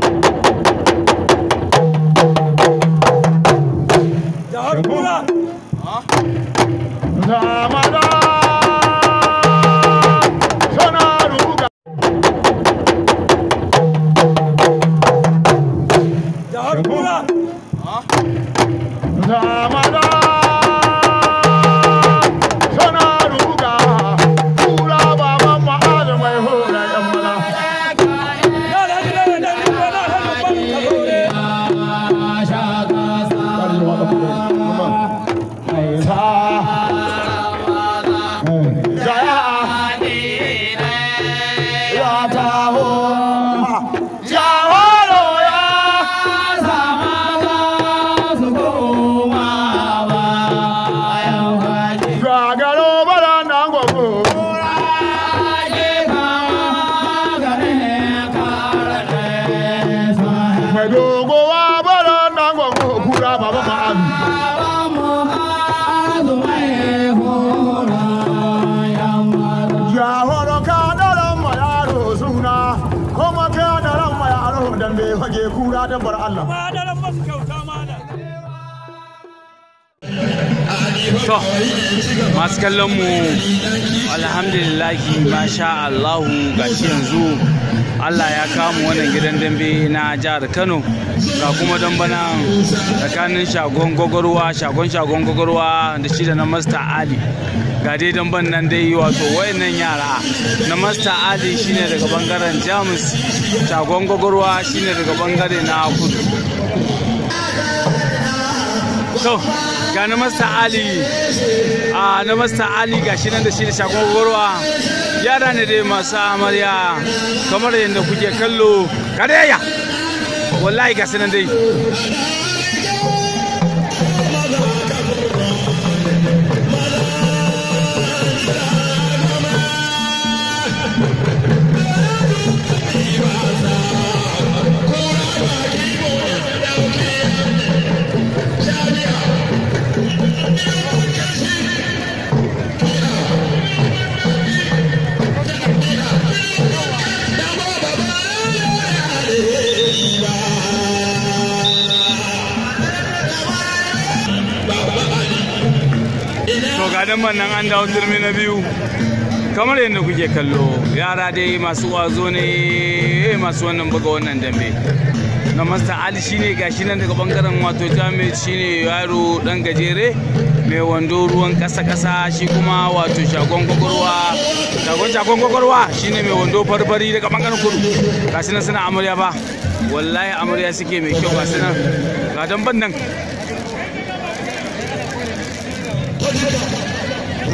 Thank you ladan bar Allah masu kallon mu alhamdulillahi masha Allahu gashi yanzu Allah ya kamu wannan gidan dambe na jihar Kano ga kuma don bana tsakanin shagon gogorwa shagon shagon gogorwa da shi da na masta Ali ga dai ban nan dai wato wayannan yara na masta ali shine daga bangaren jamus shagon gwagwarwa shine daga bangare na kudu to ga na masta ali a na masta ali ga shi nan da shi da shagon gwagwarwa yara ne dai masu amarya kamar yadda kuke kallo ya wallahi ga su nan dai to gadan man nan an dawo turmi na biyu kamar yadda kuke kallo yara dai masu wazo ne eh, masu wannan buga wannan dambe na masta ali shine gashi nan daga bangaren wato jami shine yaro dan gajere mai wando ruwan kasa kasa shi kuma wato shagon gwagwarwa shagon shagon gwagwarwa shine mai wando farfari daga bangaren kudu gashi nan suna amarya ba wallahi amarya suke mai kyau gashi nan ga dan ban nan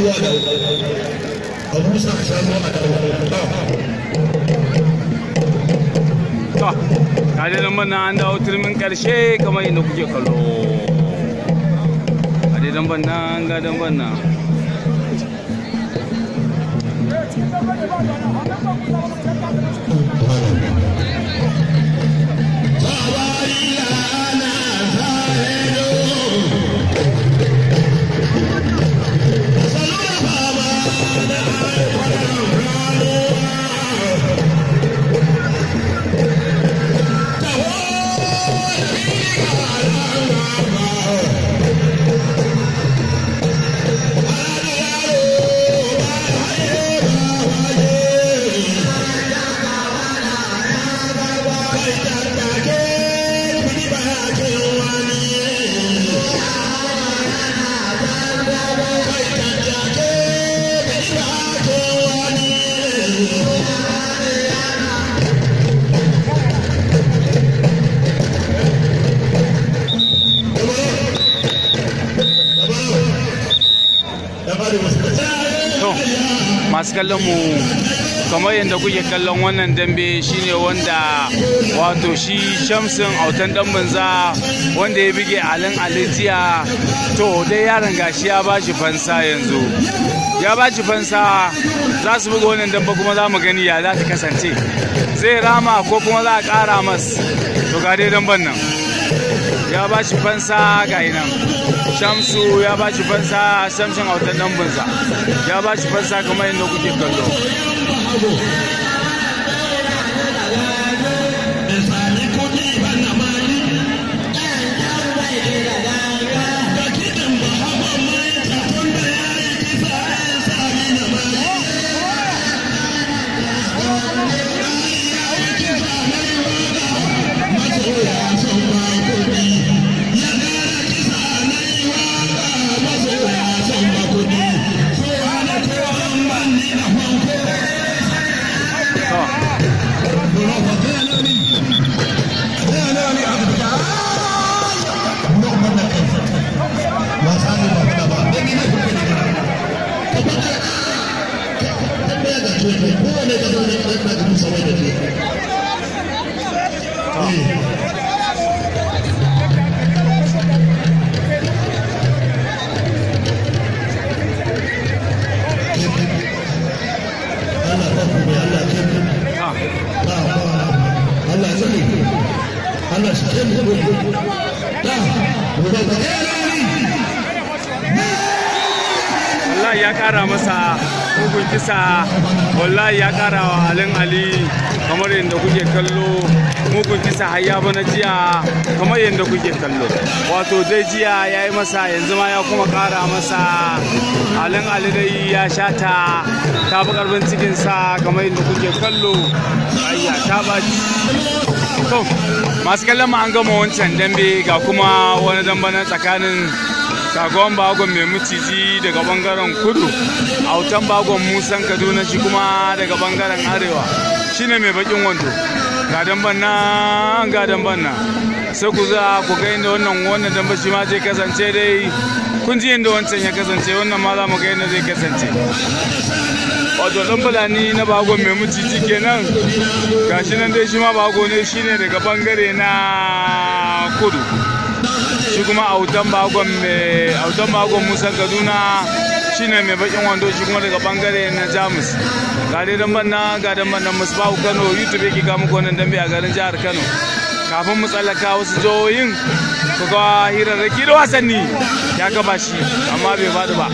ruwa da a busa an dawo turmin karshe kamar inda kuke kallo a dai nan ga kallon mu kamar yadda kuke kallon wannan dambe shine wanda wato shi shamsin autan dan banza wanda ya bige alin alijiya to dai yaron gashi ya ba shi fansa yanzu ya ba shi fansa za su buga wannan dambe kuma za mu gani ya za ta kasance zai rama ko kuma za a kara mas to ga dai damban nan ya ba shi fansa ga nan shamsu ya ba shi fansa shamsin autan dambunsa ya ba shi fansa kamar yadda kuke kallo wallahi ya kara masa mugun kisa wallahi ya kara wa halin ali kamar yadda kuke kallo mugun kisa hayya ba na jiya kamar yadda kuke kallo wato dai jiya ya yi masa yanzu ma ya kuma kara masa halin alidai ya sha ta ta fi karfin cikinsa kamar yadda kuke kallo ayya ta ba to masu kallon ma an gama wancan dambe ga kuma wani dambanan tsakanin sagon bagon mai muciji daga bangaren kudu a autan bagon musan kaduna shi kuma daga bangaren arewa shine mai bakin wando ga damban nan ga damban nan sai ku za ku ga inda wannan wannan damban shi ma zai kasance dai kun ji inda wancan ya kasance wannan ma za mu ga inda zai kasance wato dan fulani na bago mai miciji kenan shi nan dai shi ma bago ne shi ne daga bangare na kudu shi kuma autan bagon mai autan bagon musa kaduna shine mai bakin wando shi kuma daga bangare na jamus ga dai don banna ga dan banna musbahu kano youtube yake ga muku wannan dambe a garin jihar kano kafin mu tsallaka wasu jihohin ku ga hirarraki da wasanni ya gaba shi amma bai faɗi ba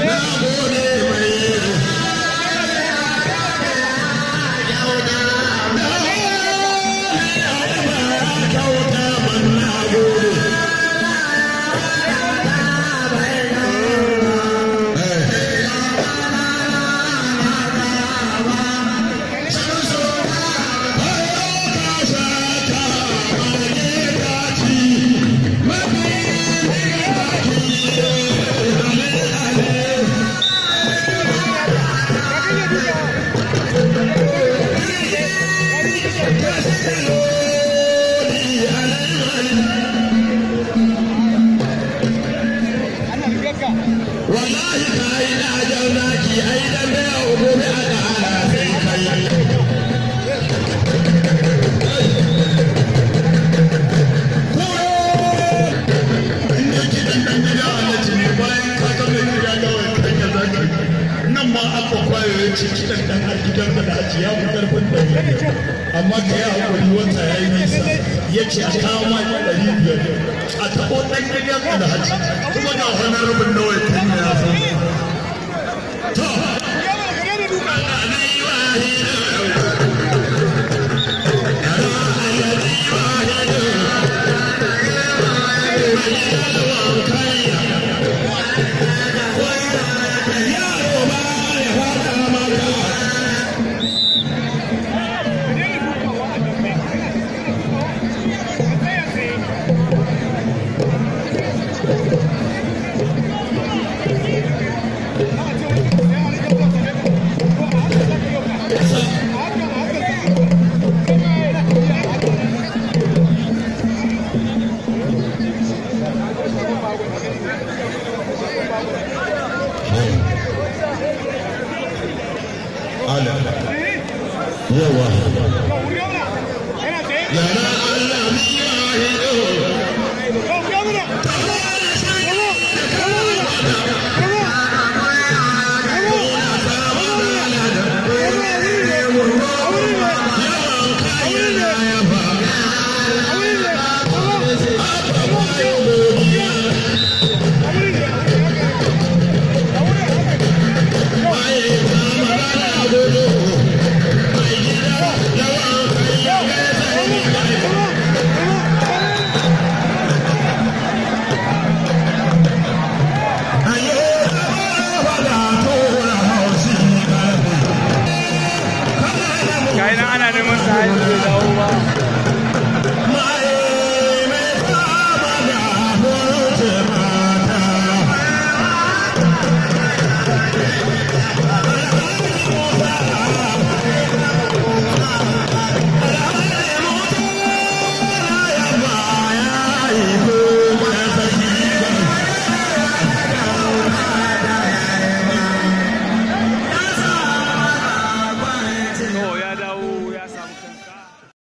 tsakiyar alhaji kuma ga wani rabin nawa ya tuni ya zo تعالى ووهب